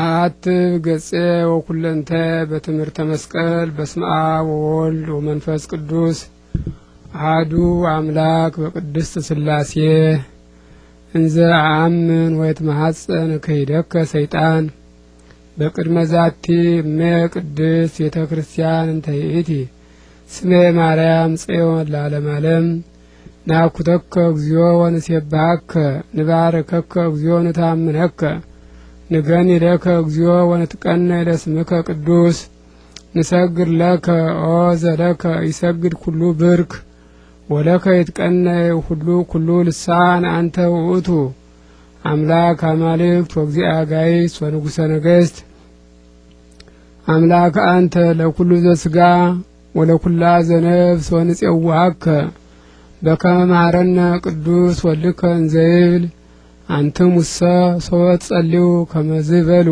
አትብ ገጼ ወኩለንተ በትምህርተ መስቀል በስመ አብ ወወልድ ወመንፈስ ቅዱስ አህዱ አምላክ በቅድስት ስላሴ እንዘ አአምን መሐፀን ከሂደከ ሰይጣን በቅድመ ዛቲ እሜ ቅድስት ቤተ ክርስቲያን እንተ ይእቲ ስሜ ማርያም ጽዮን ለዓለም ዓለም ናኩተከ እግዚኦ ወንሴብሐከ ንባረከከ እግዚኦ ንታምነከ ንገኒለከ እግዚኦ ወንትቀነ ለስምከ ቅዱስ ንሰግድ ለከ ኦ ዘለከ ይሰግድ ኩሉ ብርክ ወለከ ይትቀነ ሁሉ ኩሉ ልሳን አንተ ውእቱ አምላክ አማልክት ወእግዚአ ጋይስ ወንጉሰ ነገስት አምላክ አንተ ለኩሉ ዘስጋ ወለኩላ ዘነፍስ ወንጽዋከ በከመ መሐረነ ቅዱስ ወልከ እንዘይብል አንተ ሙሳ ሰዋት ጸልዩ ከመ በሉ